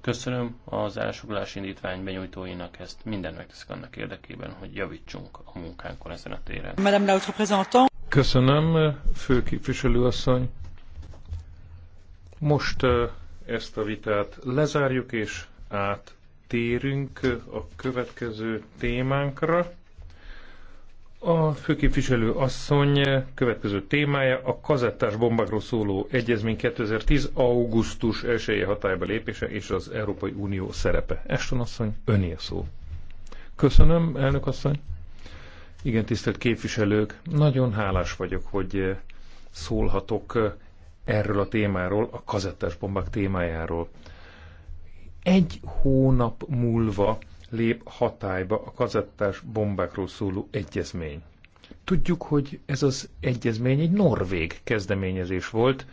Köszönöm az állásfoglalás indítvány benyújtóinak ezt minden megteszik annak érdekében, hogy javítsunk a munkánkon ezen a téren. Madame la Köszönöm, főképviselőasszony. Most ezt a vitát lezárjuk, és áttérünk a következő témánkra. A főképviselő asszony következő témája a kazettás bombákról szóló egyezmény 2010. augusztus 1 hatályba lépése és az Európai Unió szerepe. Eston asszony, öné szó. Köszönöm, elnök asszony. Igen, tisztelt képviselők, nagyon hálás vagyok, hogy szólhatok erről a témáról, a kazettás bombák témájáról. Egy hónap múlva lép hatályba a kazettás bombákról szóló egyezmény. Tudjuk, hogy ez az egyezmény egy norvég kezdeményezés volt,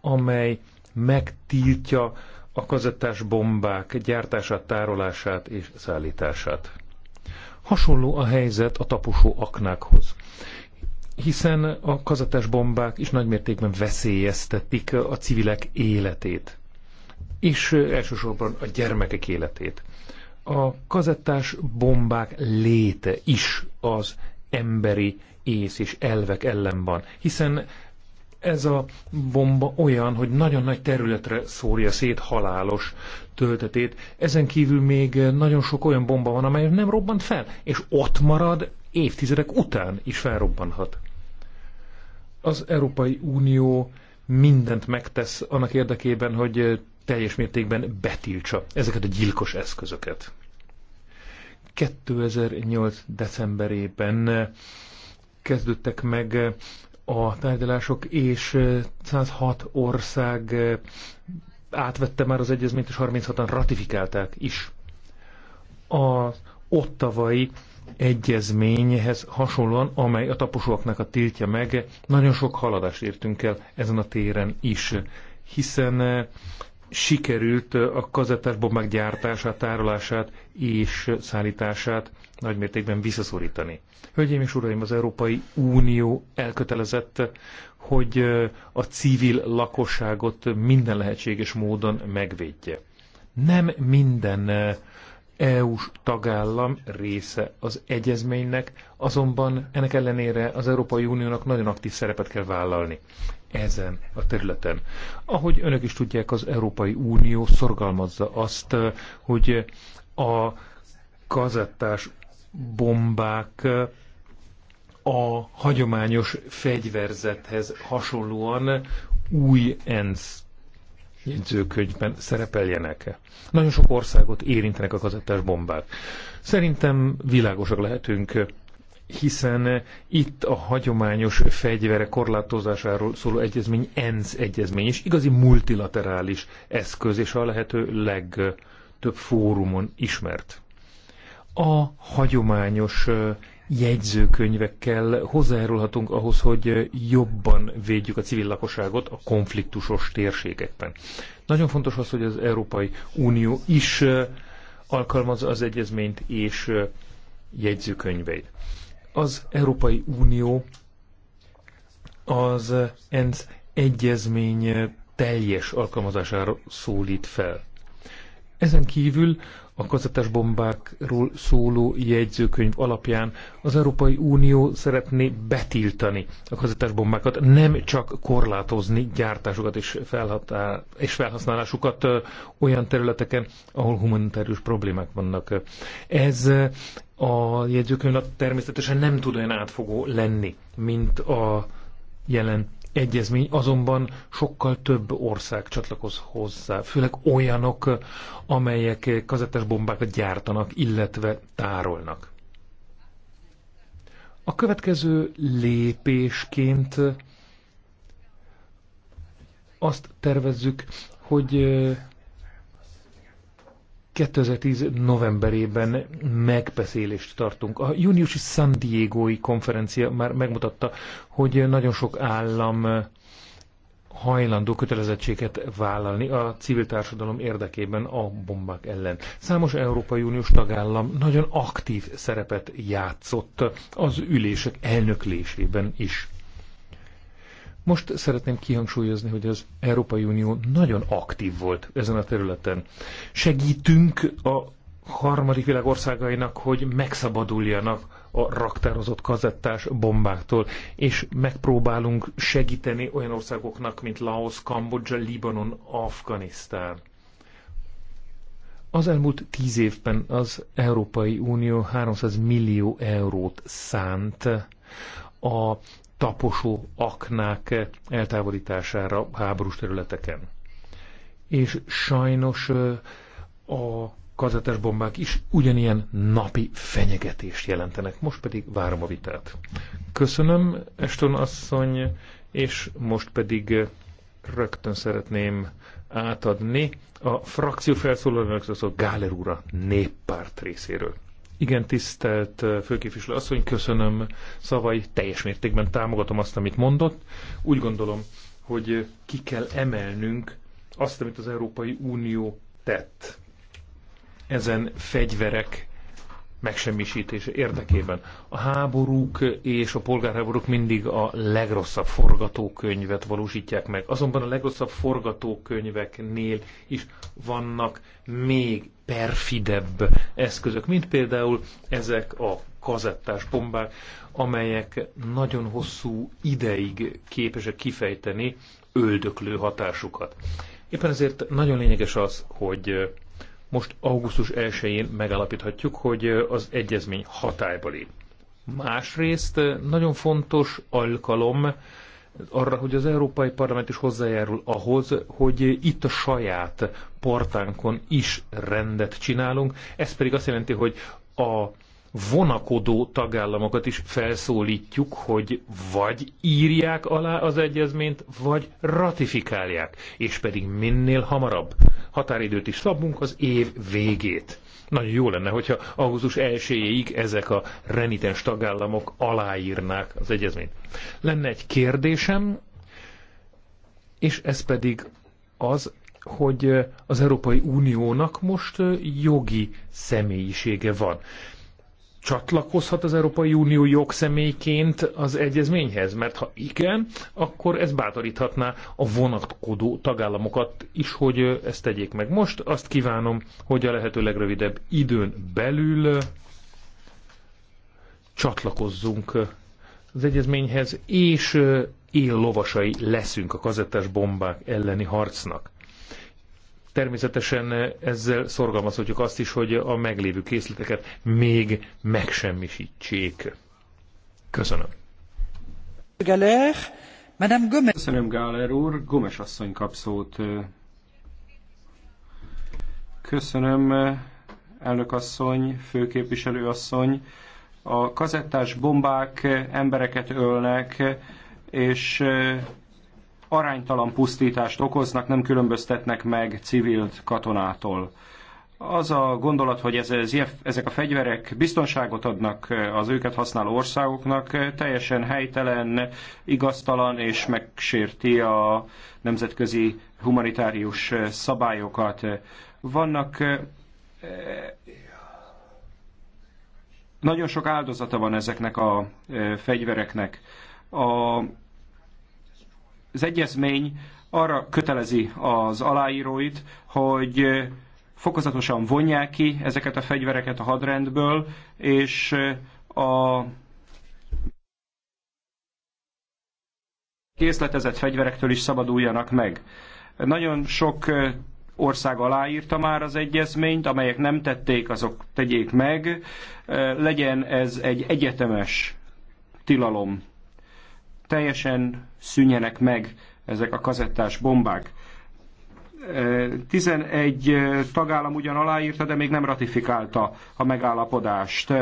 amely megtiltja a kazettás bombák gyártását, tárolását és szállítását. Hasonló a helyzet a taposó aknákhoz, hiszen a kazettás bombák is nagymértékben veszélyeztetik a civilek életét, és elsősorban a gyermekek életét a kazettás bombák léte is az emberi ész és elvek ellen van, hiszen ez a bomba olyan, hogy nagyon nagy területre szórja szét halálos töltetét. Ezen kívül még nagyon sok olyan bomba van, amely nem robbant fel, és ott marad évtizedek után is felrobbanhat. Az Európai Unió mindent megtesz annak érdekében, hogy teljes mértékben betiltsa ezeket a gyilkos eszközöket. 2008. decemberében kezdődtek meg a tárgyalások, és 106 ország átvette már az egyezményt, és 36-an ratifikálták is. A ottavai egyezményhez hasonlóan, amely a taposóaknak a tiltja meg, nagyon sok haladást értünk el ezen a téren is, hiszen sikerült a kazettás bombák gyártását, tárolását és szállítását nagymértékben visszaszorítani. Hölgyeim és uraim, az Európai Unió elkötelezett, hogy a civil lakosságot minden lehetséges módon megvédje. Nem minden EU-s tagállam része az egyezménynek, azonban ennek ellenére az Európai Uniónak nagyon aktív szerepet kell vállalni ezen a területen. Ahogy önök is tudják, az Európai Unió szorgalmazza azt, hogy a kazettás bombák a hagyományos fegyverzethez hasonlóan új ENSZ jegyzőkönyvben szerepeljenek. -e. Nagyon sok országot érintenek a kazettás bombák. Szerintem világosak lehetünk, hiszen itt a hagyományos fegyvere korlátozásáról szóló egyezmény ENSZ egyezmény, és igazi multilaterális eszköz, és a lehető legtöbb fórumon ismert. A hagyományos jegyzőkönyvekkel hozzájárulhatunk ahhoz, hogy jobban védjük a civil lakosságot a konfliktusos térségekben. Nagyon fontos az, hogy az Európai Unió is alkalmazza az egyezményt és jegyzőkönyveit. Az Európai Unió az ENSZ egyezmény teljes alkalmazására szólít fel. Ezen kívül a kazetes bombákról szóló jegyzőkönyv alapján az Európai Unió szeretné betiltani a kazetes bombákat, nem csak korlátozni gyártásukat és, és felhasználásukat olyan területeken, ahol humanitárius problémák vannak. Ez a jegyzőkönyv természetesen nem tud olyan átfogó lenni, mint a jelen egyezmény azonban sokkal több ország csatlakoz hozzá, főleg olyanok, amelyek kazettás bombákat gyártanak, illetve tárolnak. A következő lépésként azt tervezzük, hogy 2010 novemberében megbeszélést tartunk. A júniusi San Diego-i konferencia már megmutatta, hogy nagyon sok állam hajlandó kötelezettséget vállalni a civil társadalom érdekében a bombák ellen. Számos Európai Uniós tagállam nagyon aktív szerepet játszott az ülések elnöklésében is. Most szeretném kihangsúlyozni, hogy az Európai Unió nagyon aktív volt ezen a területen. Segítünk a harmadik világ országainak, hogy megszabaduljanak a raktározott kazettás bombáktól, és megpróbálunk segíteni olyan országoknak, mint Laos, Kambodzsa, Libanon, Afganisztán. Az elmúlt tíz évben az Európai Unió 300 millió eurót szánt a taposó aknák eltávolítására háborús területeken. És sajnos a kazetes bombák is ugyanilyen napi fenyegetést jelentenek. Most pedig várom a vitát. Köszönöm, Eston asszony, és most pedig rögtön szeretném átadni a frakció felszólalónak, az a Gáler úra néppárt részéről. Igen, tisztelt főképviselő asszony, köszönöm szavai, teljes mértékben támogatom azt, amit mondott. Úgy gondolom, hogy ki kell emelnünk azt, amit az Európai Unió tett ezen fegyverek megsemmisítése érdekében. A háborúk és a polgárháborúk mindig a legrosszabb forgatókönyvet valósítják meg. Azonban a legrosszabb forgatókönyveknél is vannak még perfidebb eszközök, mint például ezek a kazettás bombák, amelyek nagyon hosszú ideig képesek kifejteni öldöklő hatásukat. Éppen ezért nagyon lényeges az, hogy most augusztus 1-én megállapíthatjuk, hogy az egyezmény hatályba lép. Másrészt nagyon fontos alkalom arra, hogy az Európai Parlament is hozzájárul ahhoz, hogy itt a saját portánkon is rendet csinálunk. Ez pedig azt jelenti, hogy a vonakodó tagállamokat is felszólítjuk, hogy vagy írják alá az egyezményt, vagy ratifikálják, és pedig minél hamarabb. Határidőt is szabunk az év végét. Nagyon jó lenne, hogyha augusztus 1 ezek a renitens tagállamok aláírnák az egyezményt. Lenne egy kérdésem, és ez pedig az, hogy az Európai Uniónak most jogi személyisége van csatlakozhat az Európai Unió jogszemélyként az egyezményhez? Mert ha igen, akkor ez bátoríthatná a vonatkodó tagállamokat is, hogy ezt tegyék meg. Most azt kívánom, hogy a lehető legrövidebb időn belül csatlakozzunk az egyezményhez, és él lovasai leszünk a kazettás bombák elleni harcnak. Természetesen ezzel szorgalmazhatjuk azt is, hogy a meglévő készleteket még megsemmisítsék. Köszönöm. Galer, Madame Köszönöm, Gáler úr. Gomes asszony kap szót. Köszönöm, elnök asszony, főképviselő asszony. A kazettás bombák embereket ölnek, és aránytalan pusztítást okoznak, nem különböztetnek meg civilt katonától. Az a gondolat, hogy ez, ez, ezek a fegyverek biztonságot adnak az őket használó országoknak, teljesen helytelen, igaztalan és megsérti a nemzetközi humanitárius szabályokat. Vannak eh, nagyon sok áldozata van ezeknek a eh, fegyvereknek. A az egyezmény arra kötelezi az aláíróit, hogy fokozatosan vonják ki ezeket a fegyvereket a hadrendből, és a készletezett fegyverektől is szabaduljanak meg. Nagyon sok ország aláírta már az egyezményt, amelyek nem tették, azok tegyék meg. Legyen ez egy egyetemes tilalom teljesen szűnjenek meg ezek a kazettás bombák. 11 tagállam ugyan aláírta, de még nem ratifikálta a megállapodást.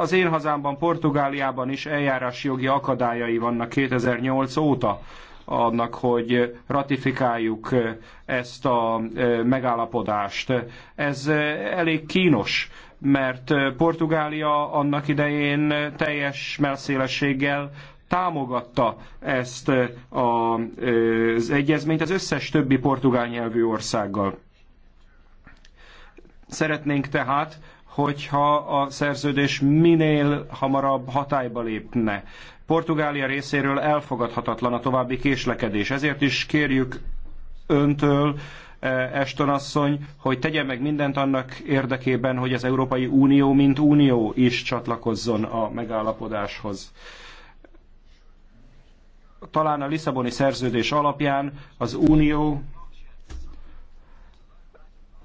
Az én hazámban, Portugáliában is eljárási jogi akadályai vannak 2008 óta annak, hogy ratifikáljuk ezt a megállapodást. Ez elég kínos, mert Portugália annak idején teljes melszélességgel támogatta ezt az egyezményt az összes többi portugál nyelvű országgal. Szeretnénk tehát, hogyha a szerződés minél hamarabb hatályba lépne. Portugália részéről elfogadhatatlan a további késlekedés. Ezért is kérjük öntől, Eston asszony, hogy tegye meg mindent annak érdekében, hogy az Európai Unió, mint unió is csatlakozzon a megállapodáshoz talán a Lisszaboni szerződés alapján az Unió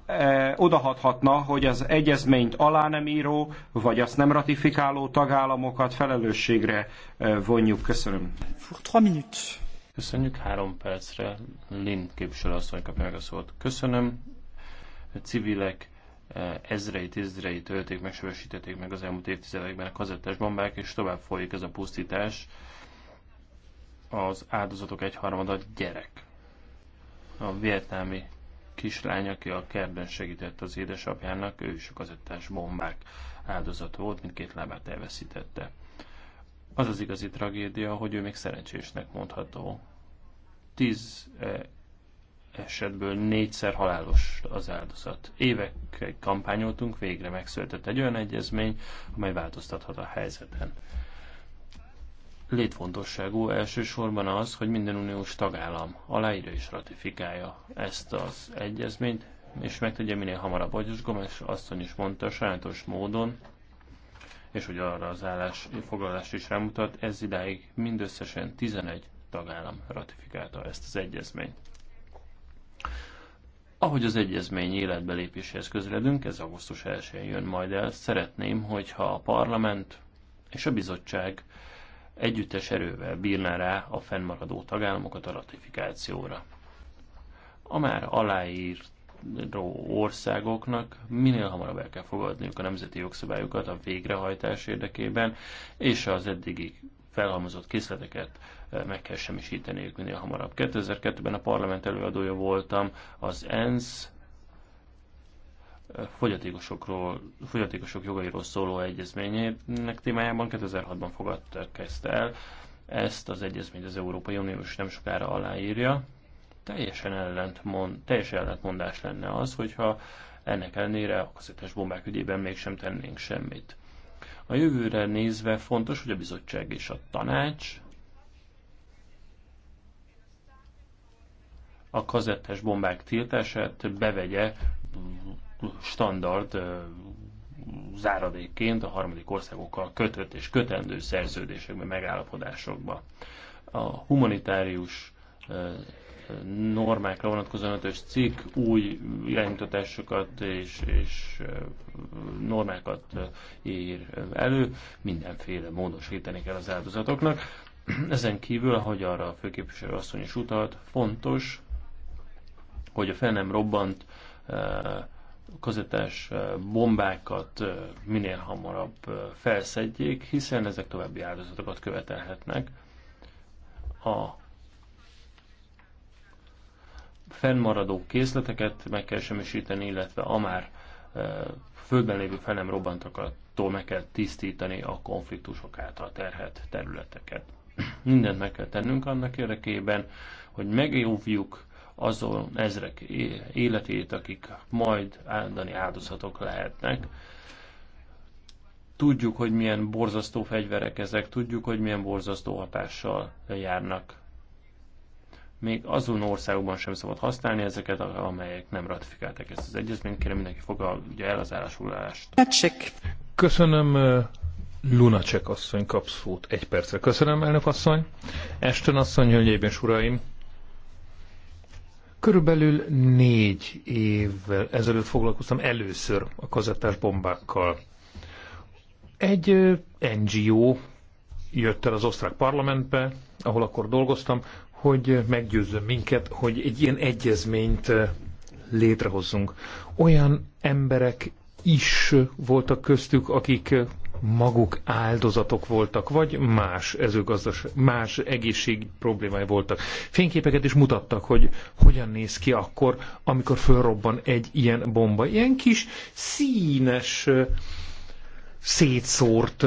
eh, odahathatna, hogy az egyezményt alá nem író, vagy azt nem ratifikáló tagállamokat felelősségre eh, vonjuk. Köszönöm. Köszönjük három percre. Lin képviselő asszony kapja meg a szót. Köszönöm. A civilek eh, ezreit, ezreit ölték meg, sebesítették meg az elmúlt évtizedekben a kazettás bombák, és tovább folyik ez a pusztítás az áldozatok egyharmada gyerek. A vietnámi kislány, aki a kertben segített az édesapjának, ő is a kazettás bombák áldozat volt, mindkét lábát elveszítette. Az az igazi tragédia, hogy ő még szerencsésnek mondható. Tíz eh, esetből négyszer halálos az áldozat. Évekig kampányoltunk, végre megszületett egy olyan egyezmény, amely változtathat a helyzeten létfontosságú elsősorban az, hogy minden uniós tagállam aláírja és ratifikálja ezt az egyezményt, és megtegye minél hamarabb. Agyos Gomes asszony is mondta, sajátos módon, és hogy arra az állás foglalást is rámutat, ez idáig mindösszesen 11 tagállam ratifikálta ezt az egyezményt. Ahogy az egyezmény életbe lépéséhez közeledünk, ez augusztus 1-én jön majd el, szeretném, hogyha a parlament és a bizottság együttes erővel bírná rá a fennmaradó tagállamokat a ratifikációra. A már aláíró országoknak minél hamarabb el kell fogadniuk a nemzeti jogszabályokat a végrehajtás érdekében, és az eddigi felhalmozott készleteket eh, meg kell semmisíteniük minél hamarabb. 2002-ben a parlament előadója voltam az ENSZ fogyatékosokról, fogyatékosok jogairól szóló egyezményének témájában 2006-ban fogadták ezt el. Ezt az egyezményt az Európai Uniós nem sokára aláírja. Teljesen, ellentmond, teljesen ellentmondás lenne az, hogyha ennek ellenére a kaszettás bombák ügyében mégsem tennénk semmit. A jövőre nézve fontos, hogy a bizottság és a tanács a kazettes bombák tiltását bevegye standard záradékként a harmadik országokkal kötött és kötendő szerződésekben, megállapodásokba. A humanitárius normákra vonatkozóan ötös cikk új iránymutatásokat és, és normákat ír elő, mindenféle módosítani kell az áldozatoknak. Ezen kívül, ahogy arra a főképviselő asszony is utalt, fontos, hogy a fel nem robbant kazettás bombákat minél hamarabb felszedjék, hiszen ezek további áldozatokat követelhetnek. A fennmaradó készleteket meg kell semmisíteni, illetve a már földben lévő fel nem robbantokattól meg kell tisztítani a konfliktusok által terhet területeket. Mindent meg kell tennünk annak érdekében, hogy megjóvjuk azon ezrek életét, akik majd áldani áldozatok lehetnek. Tudjuk, hogy milyen borzasztó fegyverek ezek, tudjuk, hogy milyen borzasztó hatással járnak. Még azon országokban sem szabad használni ezeket, amelyek nem ratifikálták ezt az egyezményt. Kérem mindenki fogja el az állásulást. Köszönöm, eh, Lunacek asszony kap szót egy percre. Köszönöm, elnök asszony. Esten asszony, hölgyeim és uraim. Körülbelül négy évvel ezelőtt foglalkoztam először a kazettás bombákkal. Egy NGO jött el az osztrák parlamentbe, ahol akkor dolgoztam, hogy meggyőzzön minket, hogy egy ilyen egyezményt létrehozzunk. Olyan emberek is voltak köztük, akik maguk áldozatok voltak, vagy más ezőgazdaság, más egészség problémái voltak. Fényképeket is mutattak, hogy hogyan néz ki akkor, amikor fölrobban egy ilyen bomba. Ilyen kis színes, szétszórt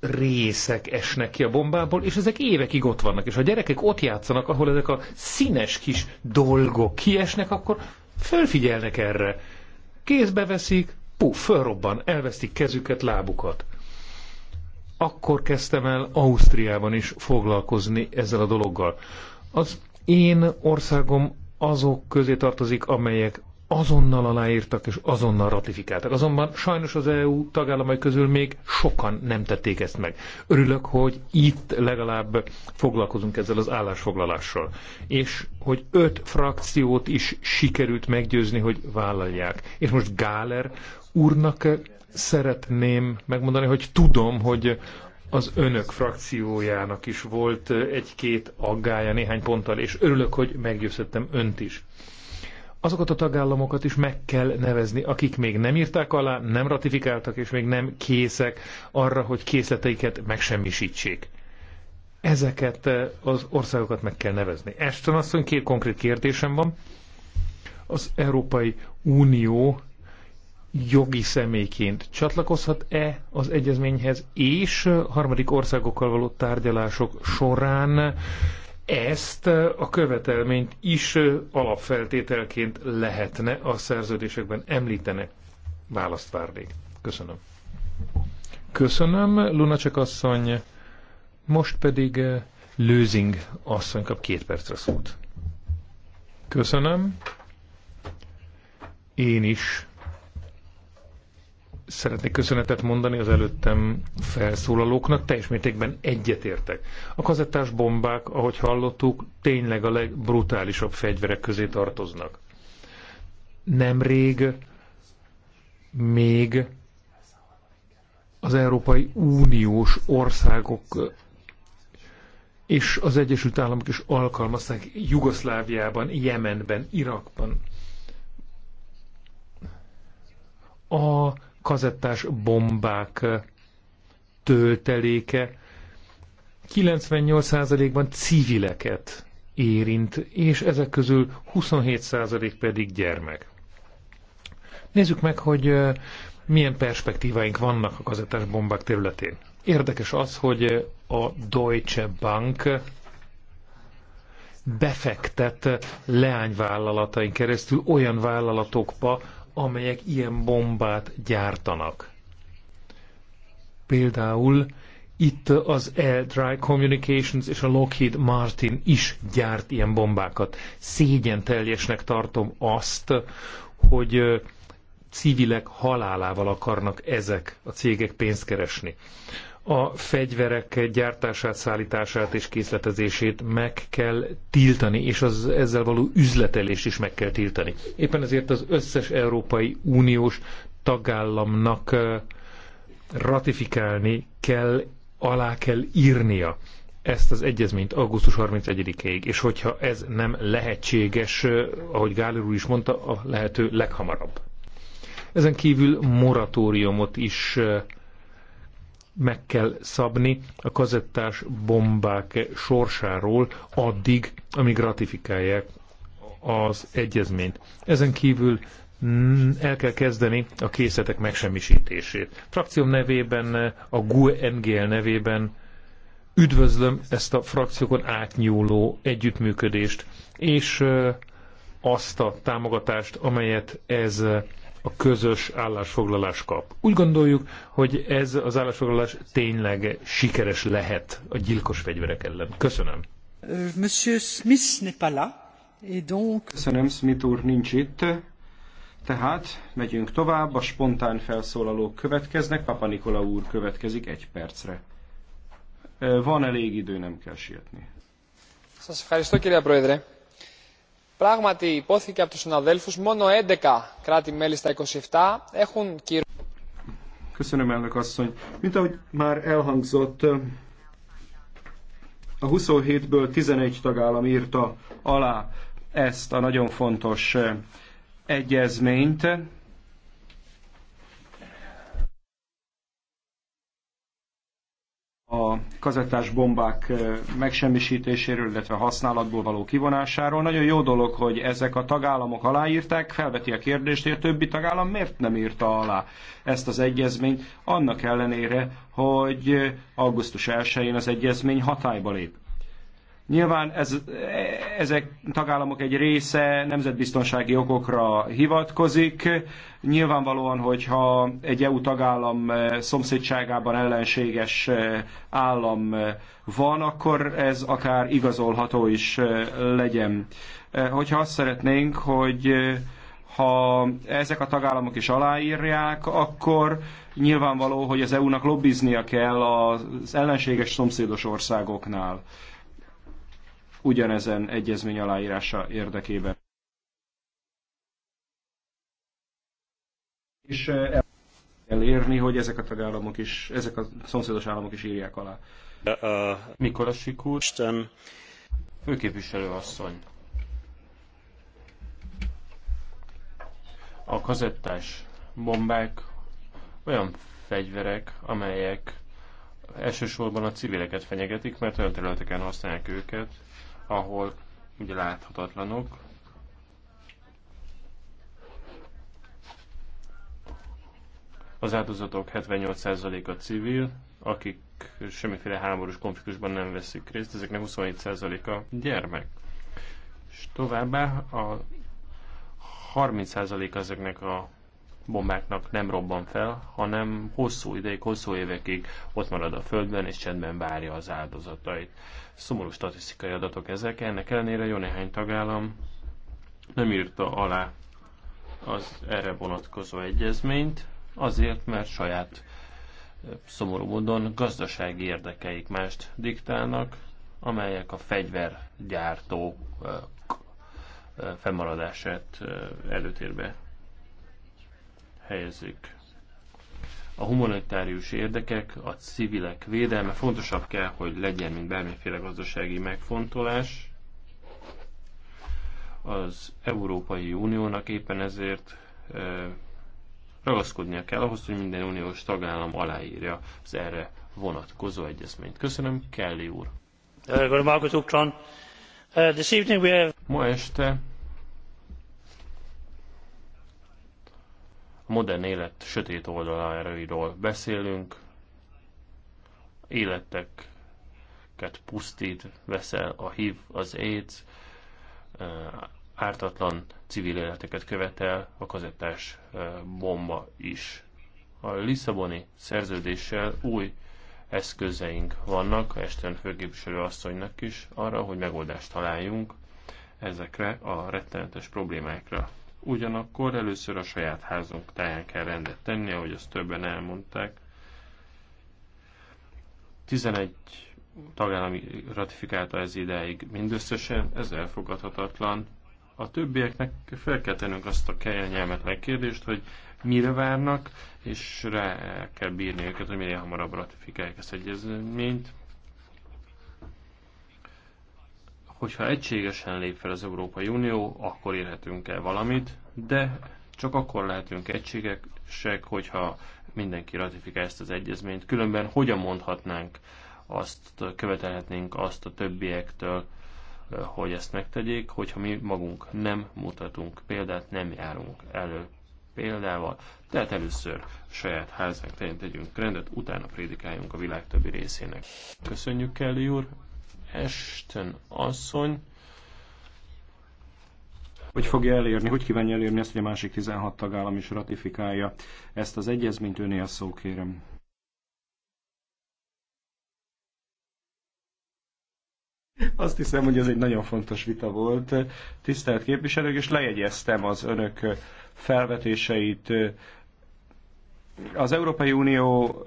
részek esnek ki a bombából, és ezek évekig ott vannak. És a gyerekek ott játszanak, ahol ezek a színes kis dolgok kiesnek, akkor fölfigyelnek erre. Kézbe veszik, puf, fölrobban, elvesztik kezüket, lábukat akkor kezdtem el Ausztriában is foglalkozni ezzel a dologgal. Az én országom azok közé tartozik, amelyek azonnal aláírtak és azonnal ratifikáltak. Azonban sajnos az EU tagállamai közül még sokan nem tették ezt meg. Örülök, hogy itt legalább foglalkozunk ezzel az állásfoglalással. És hogy öt frakciót is sikerült meggyőzni, hogy vállalják. És most Gáler úrnak szeretném megmondani, hogy tudom, hogy az önök frakciójának is volt egy-két aggája néhány ponttal, és örülök, hogy meggyőzhettem önt is. Azokat a tagállamokat is meg kell nevezni, akik még nem írták alá, nem ratifikáltak, és még nem készek arra, hogy készleteiket megsemmisítsék. Ezeket az országokat meg kell nevezni. Eston asszony, két konkrét kérdésem van. Az Európai Unió jogi személyként csatlakozhat-e az egyezményhez, és harmadik országokkal való tárgyalások során ezt a követelményt is alapfeltételként lehetne a szerződésekben említeni. Választ várnék. Köszönöm. Köszönöm, Lunacek asszony. Most pedig Lőzing asszony kap két percre szót. Köszönöm. Én is szeretnék köszönetet mondani az előttem felszólalóknak, teljes mértékben egyetértek. A kazettás bombák, ahogy hallottuk, tényleg a legbrutálisabb fegyverek közé tartoznak. Nemrég még az Európai Uniós országok és az Egyesült Államok is alkalmazták Jugoszláviában, Jemenben, Irakban. A kazettás bombák tölteléke 98%-ban civileket érint, és ezek közül 27% pedig gyermek. Nézzük meg, hogy milyen perspektíváink vannak a kazettás bombák területén. Érdekes az, hogy a Deutsche Bank befektet leányvállalatain keresztül olyan vállalatokba, amelyek ilyen bombát gyártanak. Például itt az Air Dry Communications és a Lockheed Martin is gyárt ilyen bombákat. Szégyen teljesnek tartom azt, hogy civilek halálával akarnak ezek a cégek pénzt keresni a fegyverek gyártását, szállítását és készletezését meg kell tiltani, és az ezzel való üzletelést is meg kell tiltani. Éppen ezért az összes Európai Uniós tagállamnak eh, ratifikálni kell, alá kell írnia ezt az egyezményt augusztus 31-ig, és hogyha ez nem lehetséges, eh, ahogy Gálir úr is mondta, a lehető leghamarabb. Ezen kívül moratóriumot is eh, meg kell szabni a kazettás bombák sorsáról addig, amíg ratifikálják az egyezményt. Ezen kívül el kell kezdeni a készletek megsemmisítését. Frakcióm nevében, a GUE NGL nevében üdvözlöm ezt a frakciókon átnyúló együttműködést, és azt a támogatást, amelyet ez a közös állásfoglalás kap. Úgy gondoljuk, hogy ez az állásfoglalás tényleg sikeres lehet a gyilkos fegyverek ellen. Köszönöm. Euh, monsieur Smith n'est pas là, et donc... Köszönöm, Smith úr nincs itt. Tehát megyünk tovább, a spontán felszólalók következnek, Papa Nikola úr következik egy percre. Euh, van elég idő, nem kell sietni. Köszönöm, Πράγματι, υπόθηκε από του συναδέλφου, μόνο 11 κράτη-μέλη στα 27 έχουν κυρώσει. Köszönöm, elnök asszony. Mint ahogy már elhangzott, a 27-ből 11 tagállam írta alá ezt a nagyon fontos eh, egyezményt. A kazettás bombák megsemmisítéséről, illetve használatból való kivonásáról. Nagyon jó dolog, hogy ezek a tagállamok aláírták, felveti a kérdést, hogy a többi tagállam miért nem írta alá ezt az egyezményt, annak ellenére, hogy augusztus 1-én az egyezmény hatályba lép. Nyilván ez, ezek tagállamok egy része nemzetbiztonsági okokra hivatkozik. Nyilvánvalóan, hogyha egy EU tagállam szomszédságában ellenséges állam van, akkor ez akár igazolható is legyen. Hogyha azt szeretnénk, hogy ha ezek a tagállamok is aláírják, akkor nyilvánvaló, hogy az EU-nak lobbiznia kell az ellenséges szomszédos országoknál ugyanezen egyezmény aláírása érdekében. És eh, elérni, hogy ezek a tagállamok is, ezek a szomszédos államok is írják alá. Mikor a sikult? Isten. főképviselő asszony, a kazettás bombák olyan fegyverek, amelyek elsősorban a civileket fenyegetik, mert olyan területeken használják őket, ahol ugye láthatatlanok. Az áldozatok 78%-a civil, akik semmiféle háborús konfliktusban nem veszik részt, ezeknek 27%-a gyermek. És továbbá a 30% ezeknek a bombáknak nem robban fel, hanem hosszú ideig, hosszú évekig ott marad a földben és csendben várja az áldozatait. Szomorú statisztikai adatok ezek, ennek ellenére jó néhány tagállam nem írta alá az erre vonatkozó egyezményt, azért, mert saját szomorú módon gazdasági érdekeik mást diktálnak, amelyek a fegyvergyártók fennmaradását előtérbe helyezik. A humanitárius érdekek, a civilek védelme fontosabb kell, hogy legyen, mint bármiféle gazdasági megfontolás. Az Európai Uniónak éppen ezért ragaszkodnia kell ahhoz, hogy minden uniós tagállam aláírja az erre vonatkozó egyezményt. Köszönöm, Kelly úr. Ma este A modern élet sötét oldaláról beszélünk, életeket pusztít, veszel a hív az AIDS, ártatlan civil életeket követel a kazettás bomba is. A Lisszaboni szerződéssel új eszközeink vannak, Esten főképviselő asszonynak is, arra, hogy megoldást találjunk ezekre a rettenetes problémákra. Ugyanakkor először a saját házunk táján kell rendet tenni, ahogy azt többen elmondták. 11 tagállami ratifikálta ez ideig mindösszesen, ez elfogadhatatlan. A többieknek fel kell tennünk azt a kényelmetlen kérdést, hogy mire várnak, és rá kell bírni őket, hogy minél hamarabb ratifikálják ezt egyezményt. hogyha egységesen lép fel az Európai Unió, akkor érhetünk el valamit, de csak akkor lehetünk egységesek, hogyha mindenki ratifikálja ezt az egyezményt. Különben hogyan mondhatnánk azt, követelhetnénk azt a többiektől, hogy ezt megtegyék, hogyha mi magunk nem mutatunk példát, nem járunk elő példával. Tehát először saját házánk terén tegyünk rendet, utána prédikáljunk a világ többi részének. Köszönjük, Kelly úr! Ashton asszony hogy fogja elérni, hogy kívánja elérni ezt, hogy a másik 16 tagállam is ratifikálja ezt az egyezményt, öné a szó kérem. Azt hiszem, hogy ez egy nagyon fontos vita volt, tisztelt képviselők, és lejegyeztem az önök felvetéseit. Az Európai Unió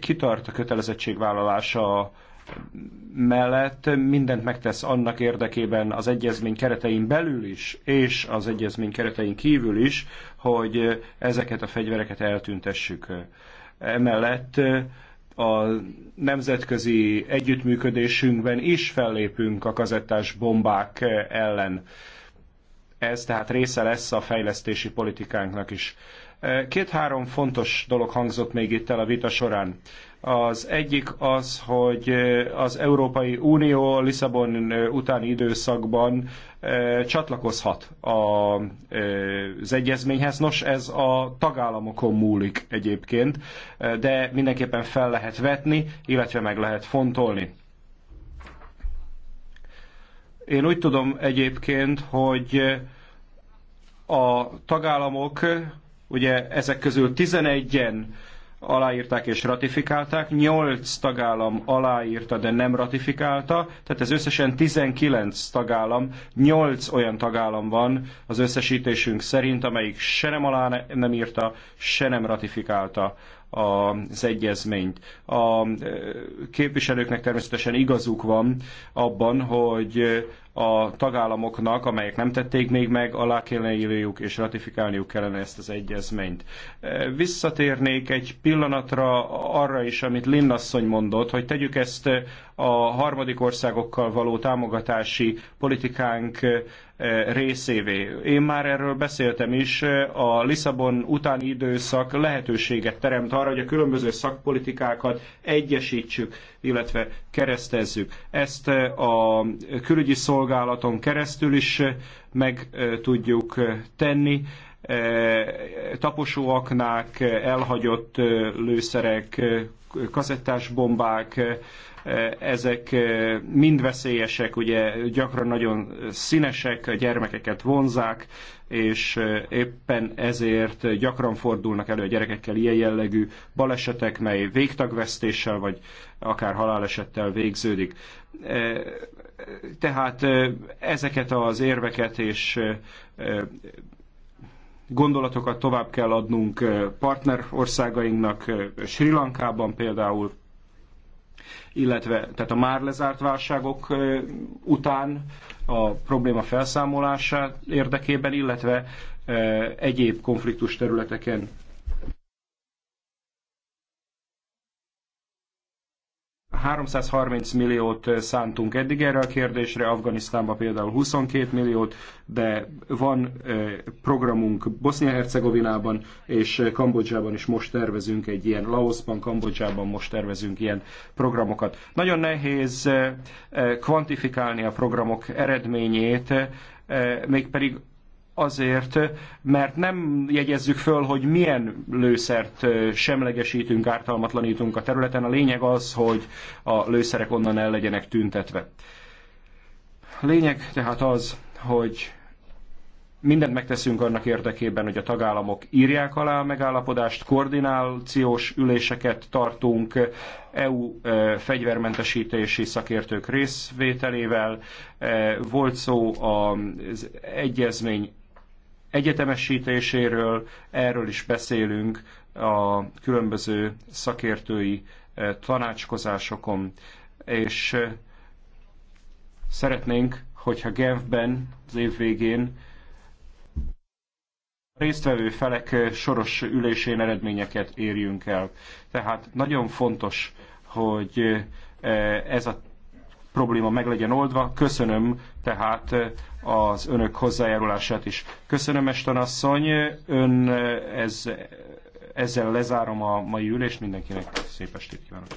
kitart a kötelezettségvállalása mellett mindent megtesz annak érdekében az egyezmény keretein belül is, és az egyezmény keretein kívül is, hogy ezeket a fegyvereket eltüntessük. Emellett a nemzetközi együttműködésünkben is fellépünk a kazettás bombák ellen. Ez tehát része lesz a fejlesztési politikánknak is. Két-három fontos dolog hangzott még itt el a vita során. Az egyik az, hogy az Európai Unió Lisszabon utáni időszakban csatlakozhat az egyezményhez. Nos, ez a tagállamokon múlik egyébként, de mindenképpen fel lehet vetni, illetve meg lehet fontolni. Én úgy tudom egyébként, hogy a tagállamok, ugye ezek közül 11-en aláírták és ratifikálták, 8 tagállam aláírta, de nem ratifikálta, tehát ez összesen 19 tagállam, 8 olyan tagállam van az összesítésünk szerint, amelyik se nem alá nem írta, se nem ratifikálta az egyezményt. A képviselőknek természetesen igazuk van abban, hogy a tagállamoknak, amelyek nem tették még meg, alá kellene írniuk és ratifikálniuk kellene ezt az egyezményt. E, visszatérnék egy pillanatra arra is, amit Linnasszony mondott, hogy tegyük ezt a harmadik országokkal való támogatási politikánk eh, részévé. Én már erről beszéltem is, eh, a Lisszabon utáni időszak lehetőséget teremt arra, hogy a különböző szakpolitikákat egyesítsük, illetve keresztezzük. Ezt eh, a külügyi szolgálaton keresztül is meg tudjuk tenni taposóaknák, elhagyott lőszerek, kazettás bombák, e, ezek e, mind veszélyesek, ugye gyakran nagyon színesek, a gyermekeket vonzák, és e, éppen ezért gyakran fordulnak elő a gyerekekkel ilyen jellegű balesetek, mely végtagvesztéssel vagy akár halálesettel végződik. Tehát ezeket az érveket és gondolatokat tovább kell adnunk partner országainknak, Sri Lankában például, illetve tehát a már lezárt válságok után a probléma felszámolása érdekében, illetve egyéb konfliktus területeken 330 milliót szántunk eddig erre a kérdésre, Afganisztánba például 22 milliót, de van programunk Bosznia-Hercegovinában és Kambodzsában is most tervezünk egy ilyen, Laoszban, Kambodzsában most tervezünk ilyen programokat. Nagyon nehéz kvantifikálni a programok eredményét, mégpedig azért, mert nem jegyezzük föl, hogy milyen lőszert semlegesítünk, ártalmatlanítunk a területen. A lényeg az, hogy a lőszerek onnan el legyenek tüntetve. A lényeg tehát az, hogy mindent megteszünk annak érdekében, hogy a tagállamok írják alá a megállapodást, koordinációs üléseket tartunk EU fegyvermentesítési szakértők részvételével. Volt szó az egyezmény egyetemesítéséről, erről is beszélünk a különböző szakértői eh, tanácskozásokon, és eh, szeretnénk, hogyha Genfben az év végén résztvevő felek eh, soros ülésén eredményeket érjünk el. Tehát nagyon fontos, hogy ez a probléma meg legyen oldva. Köszönöm tehát az önök hozzájárulását is. Köszönöm, Esten asszony. Ön ez, ezzel lezárom a mai ülést. Mindenkinek szép estét kívánok.